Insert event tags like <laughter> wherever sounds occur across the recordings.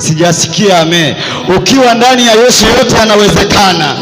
Sijasikia ame. Ukiwa ndani ya Yesu yote yanawezekana.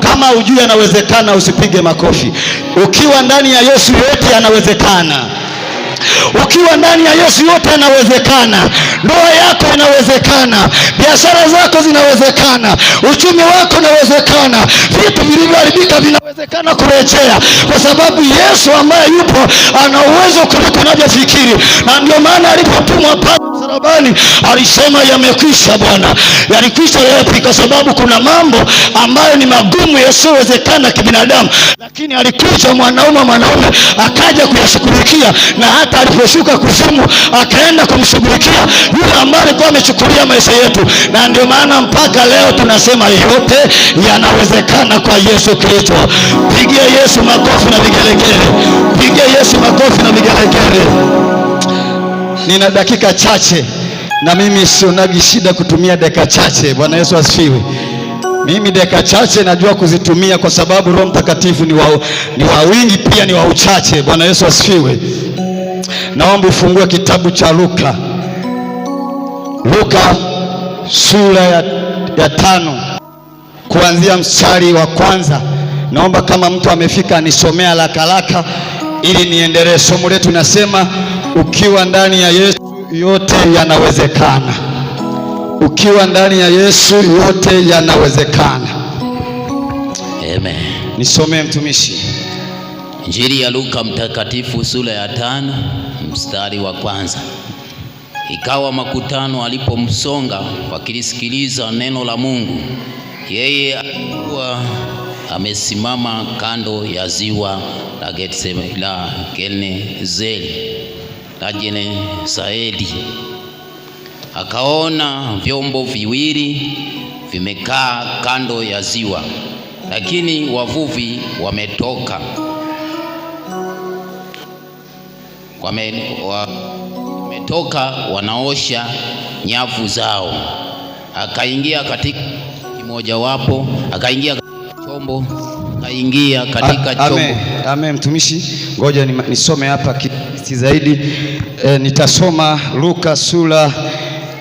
Kama ujui yanawezekana, usipige makofi. Ukiwa ndani ya Yesu yote yanawezekana. Ukiwa ndani ya Yesu yote yanawezekana. Ndoa yako inawezekana, biashara zako zinawezekana, uchumi wako unawezekana, vitu vilivyoharibika vinawezekana kurejea, kwa sababu Yesu ambaye yupo ana uwezo kuliko unavyofikiri, na ndio maana alipotumwa msalabani alisema yamekwisha bwana yalikwisha yapi kwa sababu kuna mambo ambayo ni magumu yasiyowezekana kibinadamu lakini alikuja mwanaume mwanaume akaja kuyashughulikia na hata aliposhuka kuzimu akaenda kumshughulikia yule ambaye alikuwa amechukulia maisha yetu na ndio maana mpaka leo tunasema yote yanawezekana kwa yesu kristo pigia yesu makofi na vigelegele pigia yesu makofi na vigelegele nina dakika chache, na mimi sionagi shida kutumia dakika chache. Bwana Yesu asifiwe. Mimi dakika chache najua kuzitumia kwa sababu Roho Mtakatifu ni wa, ni wa wingi pia ni wa uchache. Bwana Yesu asifiwe. Naomba ufungue kitabu cha Luka, Luka sura ya, ya tano kuanzia mstari wa kwanza. Naomba kama mtu amefika anisomea haraka haraka ili niendelee somo letu. Nasema ukiwa ndani ya Yesu yote yanawezekana. Ukiwa ndani ya Yesu yote yanawezekana. Amen. Nisomee mtumishi. Injili ya Luka mtakatifu sura ya tano mstari wa kwanza. Ikawa makutano alipomsonga wakilisikiliza neno la Mungu, yeye alikuwa amesimama kando ya ziwa la Getsemani la Genezareti Lajene saedi akaona vyombo viwili vimekaa kando ya ziwa, lakini wavuvi wametoka wametoka wanaosha nyavu zao. Akaingia katika kimojawapo, akaingia chombo, akaingia katika chombo. Ame, ame mtumishi, ngoja nisome hapa wakati zaidi e, nitasoma Luka sura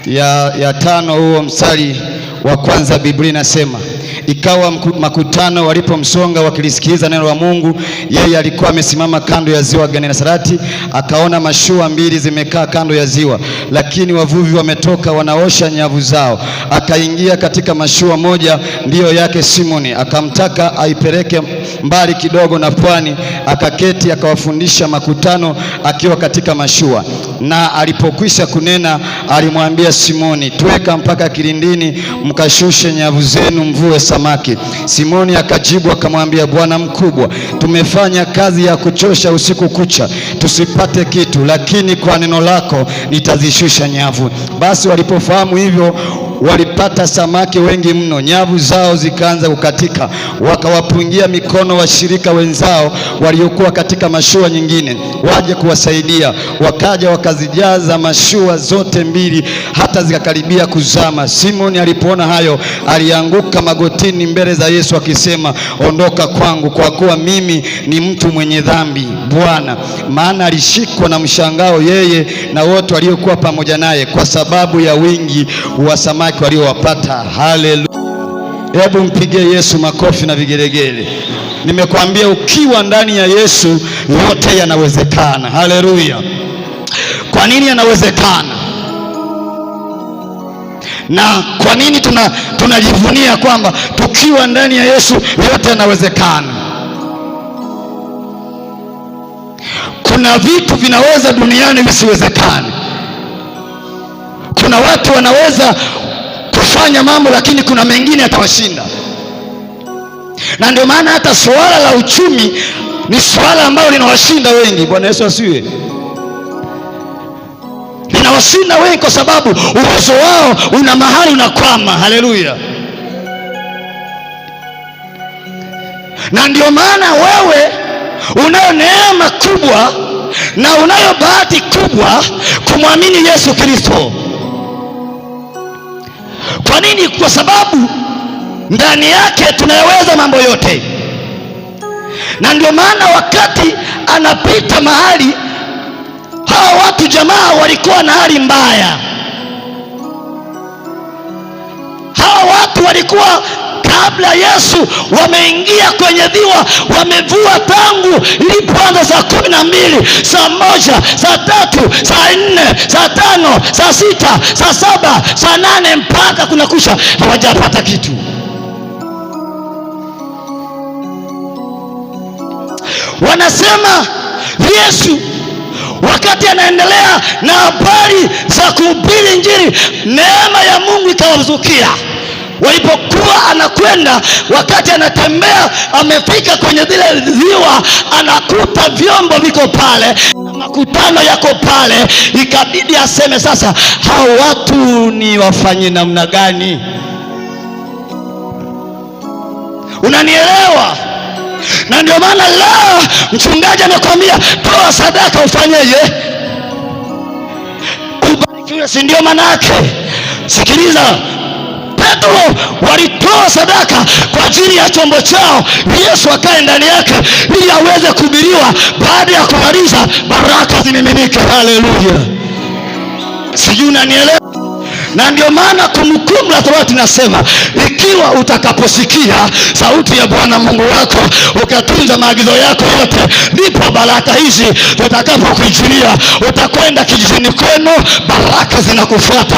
ya, ya tano huo mstari wa kwanza. Biblia inasema Ikawa makutano walipomsonga wakilisikiza neno la Mungu, yeye alikuwa amesimama kando ya ziwa Genesareti, akaona mashua mbili zimekaa kando ya ziwa, lakini wavuvi wametoka wanaosha nyavu zao. Akaingia katika mashua moja, ndiyo yake Simoni, akamtaka aipeleke mbali kidogo na pwani, akaketi akawafundisha makutano akiwa katika mashua na alipokwisha kunena, alimwambia Simoni, tweka mpaka kilindini, mkashushe nyavu zenu, mvue samaki. Simoni akajibu akamwambia, Bwana mkubwa, tumefanya kazi ya kuchosha usiku kucha, tusipate kitu, lakini kwa neno lako nitazishusha nyavu. Basi walipofahamu hivyo walipata samaki wengi mno, nyavu zao zikaanza kukatika, wakawapungia mikono washirika wenzao waliokuwa katika mashua nyingine waje kuwasaidia. Wakaja wakazijaza mashua zote mbili hata zikakaribia kuzama. Simoni alipoona hayo, alianguka magotini mbele za Yesu akisema, ondoka kwangu, kwa kuwa mimi ni mtu mwenye dhambi, Bwana. Maana alishikwa na mshangao yeye na wote waliokuwa pamoja naye, kwa sababu ya wingi wa samaki wanawake waliowapata. Haleluya! Hebu mpigie Yesu makofi na vigelegele. Nimekwambia ukiwa ndani ya Yesu yote yanawezekana. Haleluya! Kwa nini yanawezekana? Na kwa nini tuna tunajivunia kwamba tukiwa ndani ya Yesu yote yanawezekana? Kuna vitu vinaweza duniani visiwezekane. Kuna watu wanaweza atafanya mambo, lakini kuna mengine atawashinda. Na ndio maana hata suala la uchumi ni suala ambalo linawashinda wengi. Bwana Yesu asiwe linawashinda wengi, kwa sababu uwezo wao una mahali unakwama. Haleluya! Na ndio maana wewe unayo neema kubwa na unayo bahati kubwa kumwamini Yesu Kristo. Kwa nini? Kwa sababu ndani yake tunayaweza mambo yote, na ndio maana wakati anapita mahali hawa watu jamaa walikuwa na hali mbaya, hawa watu walikuwa kabla yesu wameingia kwenye dhiwa wamevua tangu ilipoanza saa kumi na mbili saa moja saa tatu saa nne saa tano saa sita saa saba saa nane mpaka kuna kusha hawajapata kitu wanasema yesu wakati anaendelea na habari za kuhubiri njiri neema ya mungu ikawazukia walipokuwa anakwenda, wakati anatembea, amefika kwenye zile ziwa, anakuta vyombo viko pale, makutano yako pale, ikabidi aseme sasa, hao watu ni wafanye namna gani? Unanielewa? na ndio maana la mchungaji amekwambia toa sadaka, ufanyeje? Ubarikiwe, si ndio? Maana yake, sikiliza Petro walitoa sadaka kwa ajili ya chombo chao, Yesu akae ndani yake ili aweze kuhubiriwa. Baada ya kumaliza, baraka zimiminike Haleluya, sijui unanielewa? na ndio maana Kumbukumbu la Torati nasema, ikiwa utakaposikia sauti ya Bwana Mungu wako ukatunza maagizo yako yote, ndipo baraka hizi zitakapokujilia. Utakwenda kijijini kwenu, baraka zinakufuata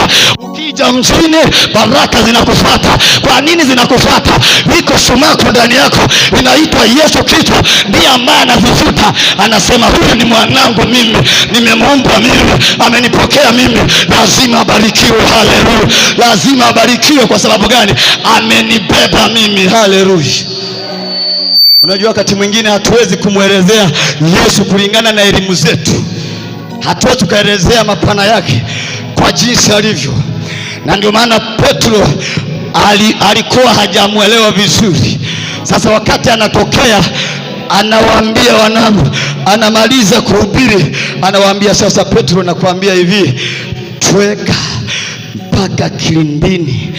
ukija mjini, baraka zinakufata Kwa nini zinakufata Iko sumaku ndani yako inaitwa Yesu Kristo, ndiye ambaye anazifuta. Anasema huyu ni mwanangu mimi, nimemuumba mimi, amenipokea mimi, lazima abarikiwe. Haleluya, lazima abarikiwe. Kwa sababu gani? Amenibeba mimi. Haleluya. Unajua, wakati mwingine hatuwezi kumwelezea Yesu kulingana na elimu zetu, hatuwezi tukaelezea mapana yake kwa jinsi alivyo na ndio maana Petro ali, alikuwa hajamwelewa vizuri. Sasa wakati anatokea anawaambia wanangu, anamaliza kuhubiri, anawaambia sasa, Petro nakuambia hivi, tweka mpaka kilindini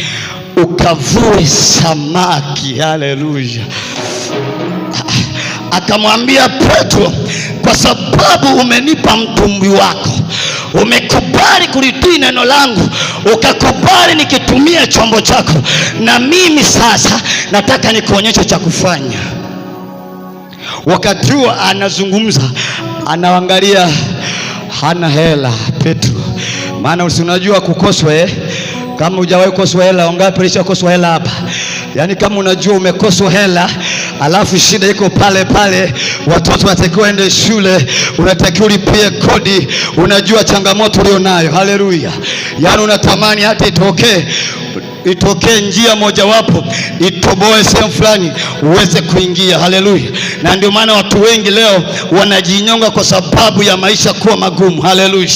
ukavue samaki. Haleluya! Akamwambia Petro, kwa sababu umenipa mtumbwi wako umekubali kulitii neno langu, ukakubali nikitumia chombo chako, na mimi sasa nataka nikuonyeshe cha kufanya. Wakati huo anazungumza, anaangalia, hana hela Petro, maana usinajua kukoswa eh? Kama hujawahi kukoswa hela, wangapi walishakoswa hela hapa? Yaani kama unajua umekoswa hela alafu shida iko pale pale. Watoto wanatakiwa waende shule, unatakiwa ulipie kodi, unajua changamoto ulionayo. Haleluya! Yaani unatamani hata itokee itokee njia mojawapo itoboe sehemu fulani uweze kuingia. Haleluya! Na ndio maana watu wengi leo wanajinyonga kwa sababu ya maisha kuwa magumu. Haleluya!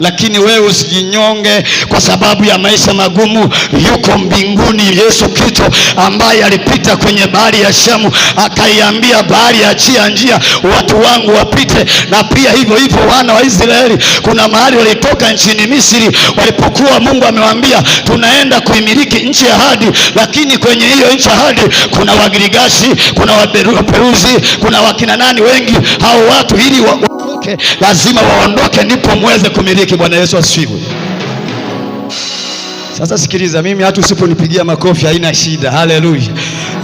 lakini wewe usijinyonge kwa sababu ya maisha magumu. Yuko mbinguni Yesu Kristo ambaye alipita kwenye bahari ya Shamu akaiambia bahari, achia njia watu wangu wapite, na pia hivyo hivyo wana wa Israeli. Kuna mahali walitoka nchini Misri walipokuwa Mungu amewaambia tunaenda kuimiliki nchi ya hadi lakini kwenye hiyo nchi ya hadi kuna Wagirigashi, kuna Waperuzi, kuna wakina nani wengi hao watu ili wa waondoke, lazima waondoke, ndipo mweze kumiliki. Bwana Yesu asifiwe. Sasa sikiliza, mimi hata usiponipigia makofi haina shida. Haleluya,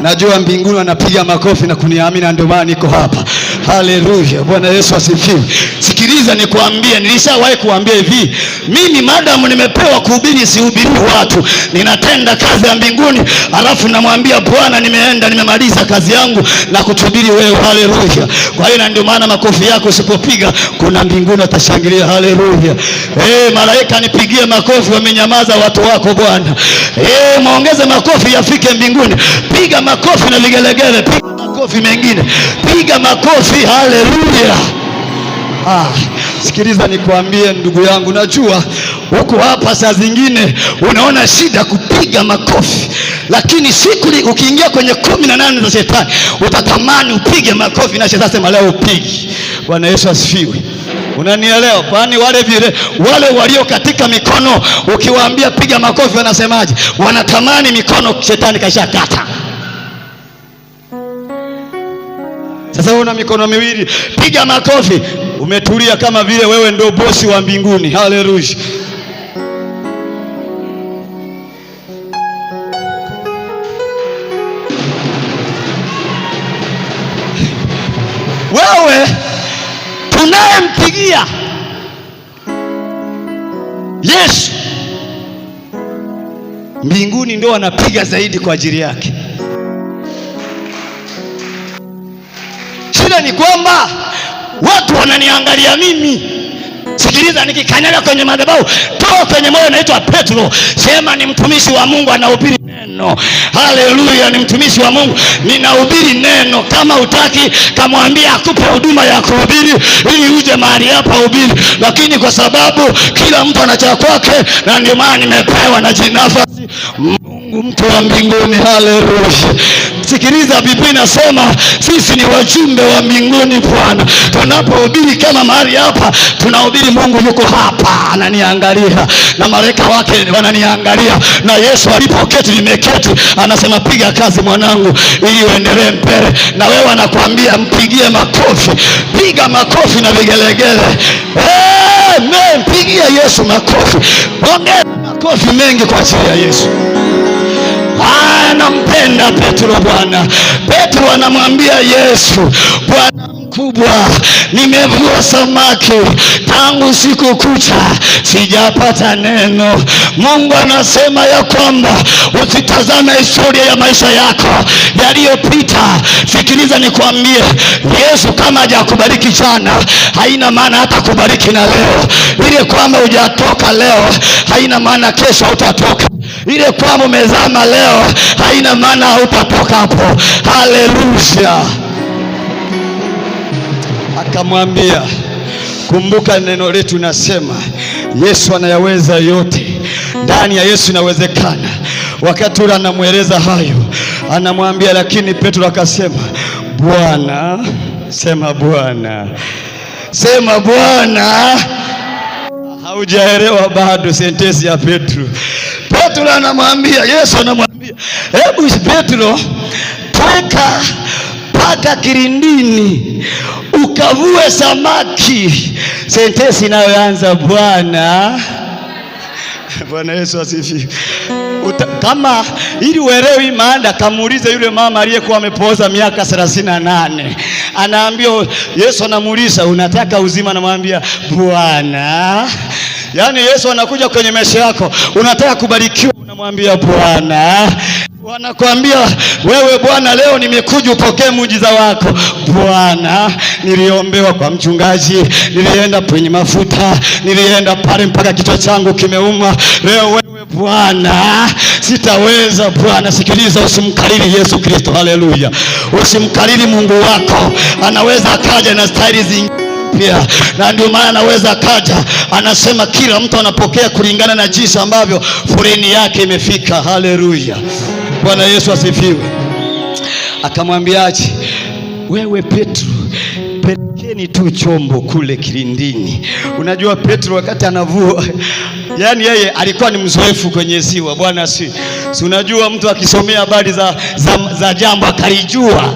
najua mbinguni wanapiga makofi na kuniamini, ndio maana niko hapa. Haleluya, Bwana Yesu asifiwe. Sikiliza nikuambie, nilishawahi kuambia hivi, mimi madamu nimepewa kuhubiri, sihubiri watu, ninatenda kazi ya mbinguni, alafu namwambia Bwana, nimeenda nimemaliza kazi yangu na kutubiri wewe. Haleluya. Kwa hiyo na ndio maana makofi yako usipopiga, kuna mbinguni watashangilia. Haleluya. Hey, eh, malaika nipigie makofi, wamenyamaza watu wako Bwana. Hey, eh, muongeze makofi yafike mbinguni, piga makofi na vigelegele makofi mengine, piga makofi, haleluya! Ah, sikiliza nikuambie ndugu yangu, najua huko hapa saa zingine unaona shida kupiga makofi, lakini siku ukiingia kwenye kumi na nane za shetani utatamani upige makofi, na shetani sema leo upigi. Bwana Yesu asifiwe. Unanielewa? Kwani wale vile wale walio katika mikono ukiwaambia piga makofi, wanasemaje? Wanatamani mikono shetani kashakata. Sasa una mikono miwili, piga makofi. Umetulia kama vile wewe ndio bosi wa mbinguni. Haleluya! Wewe tunayempigia Yesu mbinguni ndio wanapiga zaidi kwa ajili yake. ni kwamba watu wananiangalia mimi. Sikiliza, nikikanyaga kwenye madhabahu, toa kwenye moyo, naitwa Petro, sema ni mtumishi wa Mungu anahubiri neno. Haleluya, ni mtumishi wa Mungu, ninahubiri neno. Kama utaki kamwambia akupe huduma ya kuhubiri, ili uje mahali hapa hubiri. Lakini kwa sababu kila mtu ana cha kwake, na ndio maana nimepewa na jinafasi Mungu, mtu wa mbinguni. Haleluya. Sikiliza, Biblia inasema sisi ni wajumbe wa mbinguni. Bwana, tunapohubiri kama mahali hapa tunahubiri, Mungu yuko hapa ananiangalia, na malaika wake wananiangalia, na Yesu alipoketi nimeketi, anasema piga kazi mwanangu, ili uendelee mbele. Na wewe anakuambia mpigie makofi, piga makofi na vigelegele. Amen, pigia Yesu makofi, ongea makofi mengi kwa ajili ya Yesu anampenda Petro Bwana. Petro anamwambia Yesu Bwana kubwa, nimevua samaki tangu siku kucha, sijapata neno. Mungu anasema ya kwamba usitazame historia ya maisha yako yaliyopita, sikiliza nikwambie, Yesu kama hajakubariki jana, haina maana hata kubariki na leo. Ile kwamba hujatoka leo, haina maana kesho utatoka ile kwamba umezama leo haina maana hautatoka hapo. Haleluya! akamwambia, kumbuka neno letu nasema Yesu anayaweza yote, ndani ya Yesu inawezekana. Wakati ule anamweleza hayo, anamwambia, lakini Petro akasema, Bwana, sema Bwana, sema Bwana. Haujaelewa bado sentensi ya Petro. Petro anamwambia, Yesu anamwambia, hebu Petro, toka paka kirindini ukavue samaki. Sentensi inayoanza Bwana <laughs> Bwana Yesu asifiwe. Kama ili uelewi maana, kamuulize yule mama aliyekuwa amepooza miaka 38 anaambia Yesu, anamuuliza unataka uzima? Anamwambia Bwana. Yaani Yesu anakuja kwenye maisha yako, unataka kubarikiwa? Unamwambia Bwana wanakuambia wewe bwana, leo nimekuja upokee muujiza wako Bwana. Niliombewa kwa mchungaji, nilienda kwenye mafuta, nilienda pale mpaka kichwa changu kimeuma. Leo wewe Bwana, sitaweza Bwana. Sikiliza, usimkariri Yesu Kristo. Haleluya, usimkariri Mungu wako, anaweza akaja na staili zingi pia na ndio maana anaweza kaja, anasema kila mtu anapokea kulingana na jinsi ambavyo furini yake imefika. Haleluya. Bwana Yesu asifiwe. Akamwambiaje? Wewe Petro, pelekeni tu chombo kule kilindini. Unajua Petro wakati anavua yaani yeye alikuwa ni mzoefu kwenye ziwa. Bwana si si unajua mtu akisomea habari za, za, za jambo akalijua,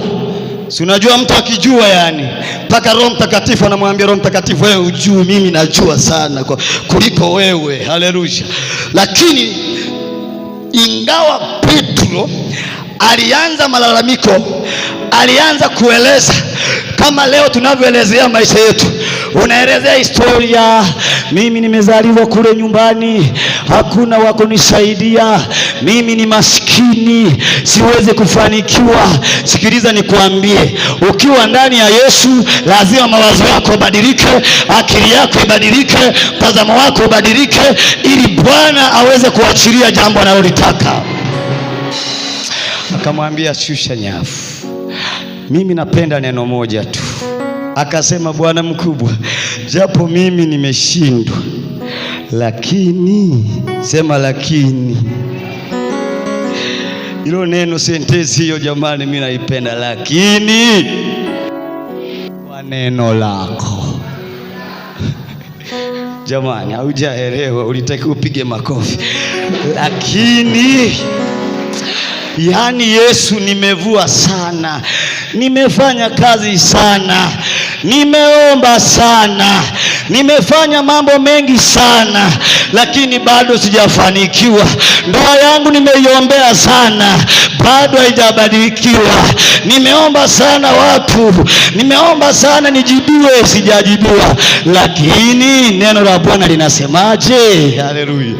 si unajua mtu akijua yani mpaka Roho Mtakatifu anamwambia Roho Mtakatifu, wewe ujui, mimi najua sana kuliko wewe. Haleluya! Lakini ingawa Petro alianza malalamiko, alianza kueleza kama leo tunavyoelezea maisha yetu. Unaelezea historia, mimi nimezaliwa kule nyumbani, hakuna wa kunisaidia, mimi ni maskini, siwezi kufanikiwa. Sikiliza nikuambie ukiwa ndani ya Yesu lazima mawazo yako ibadilike, akili yako ibadilike, mtazamo wako ubadilike, ili Bwana aweze kuachilia jambo analolitaka. Akamwambia, shusha nyavu. Mimi napenda neno moja tu. Akasema, bwana mkubwa, japo mimi nimeshindwa, lakini sema, lakini hilo neno, sentensi hiyo, jamani, mimi naipenda, lakini kwa neno lako. Jamani, haujaelewa, ulitakiwa upige makofi. Lakini Yaani Yesu, nimevua sana, nimefanya kazi sana, nimeomba sana, nimefanya mambo mengi sana, lakini bado sijafanikiwa. Ndoa yangu nimeiombea sana, bado haijabadilikiwa. Nimeomba sana watu, nimeomba sana nijibiwe, sijajibiwa. Lakini neno la Bwana linasemaje? Haleluya!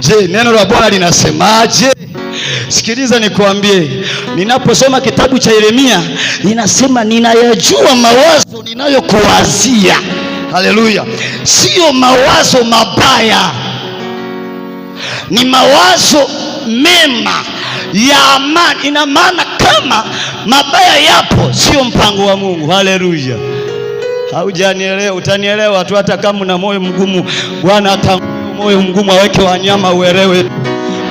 Je, neno la Bwana linasemaje? Sikiliza nikuambie, ninaposoma kitabu cha Yeremia ninasema ninayajua mawazo ninayokuwazia. Haleluya! Siyo mawazo mabaya, ni mawazo mema ya amani. Ina maana kama mabaya yapo, sio mpango wa Mungu. Haleluya! Haujanielewa, utanielewa tu. Hata kama una moyo mgumu, Bwana hata moyo mgumu aweke wanyama uelewe.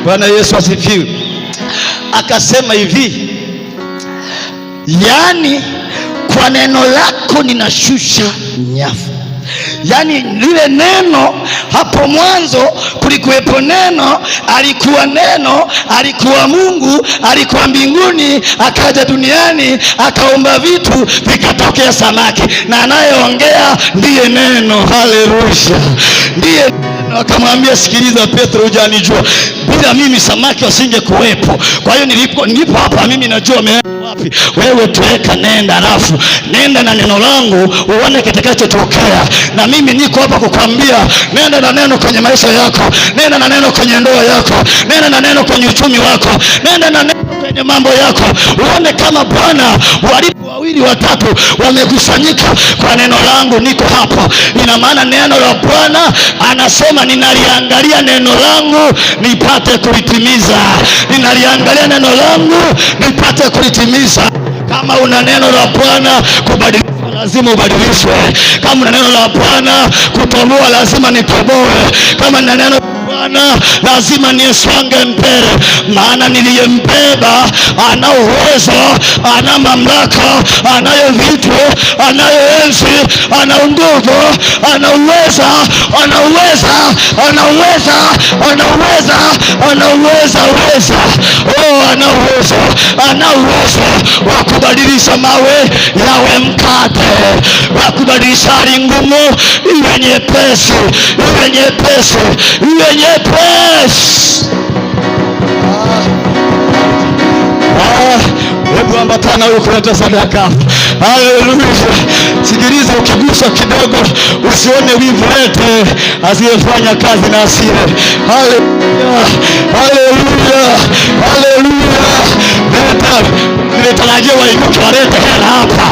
Bwana Yesu asifiwe akasema hivi, yaani kwa neno lako ninashusha nyafu Yaani lile neno hapo mwanzo kulikuwepo neno, alikuwa neno, alikuwa Mungu, alikuwa mbinguni, akaja duniani, akaumba vitu, vikatokea samaki, na anayeongea ndiye neno. Haleluya, ndiye neno. Akamwambia, sikiliza Petro, hujanijua bila mimi samaki wasinge kuwepo. Kwa hiyo nilipo, nilipo hapa mimi najua wapi? Wewe tuweka nenda, alafu nenda na neno langu uone kitakachotokea. Na mimi niko hapa kukwambia, nenda na neno kwenye maisha yako, nenda na neno kwenye ndoa yako, nenda na neno kwenye uchumi wako, nenda na neno kwenye mambo yako, uone kama Bwana walipo wawili watatu wamekusanyika kwa neno langu, niko hapo. Ina maana neno la Bwana anasema, ninaliangalia neno langu nipate kulitimiza, ninaliangalia neno langu nipate kulitimiza kubadilisha. Kama una neno la Bwana kubadilisha lazima ubadilishwe. Kama una neno la Bwana kutoboa lazima nitoboe. Kama na neno Bwana lazima niesonge mbele, maana niliyembeba ana uwezo, ana mamlaka, anayo vitu, anayo enzi, ana nguvu, ana uweza anauweza, uweza anauweza, weza, oh, ana uwezo wa kubadilisha mawe yawe mkate, wa kubadilisha hali ngumu iwe nyepesi, iwe nyepesi, iwe ndiye ah, Hebu ambatana huyu kuleta sadaka. Haleluya! Sikiliza, ukiguswa kidogo usione wivu, lete asiyefanya kazi na asile. Haleluya, haleluya, haleluya, leta nimetarajia wainuke walete hela hapa,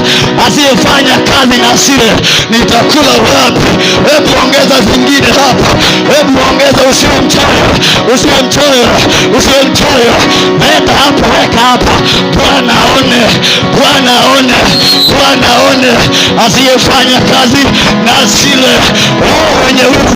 asiyefanya kazi na sile, nitakula wapi? Hebu ongeza zingine hapa, hebu ongeza, usiwe mchoyo, usiwe mchoyo, usiwe mchoyo, leta hapa, weka hapa. Bwana aone, Bwana aone, Bwana aone, asiyefanya kazi na asile. wenye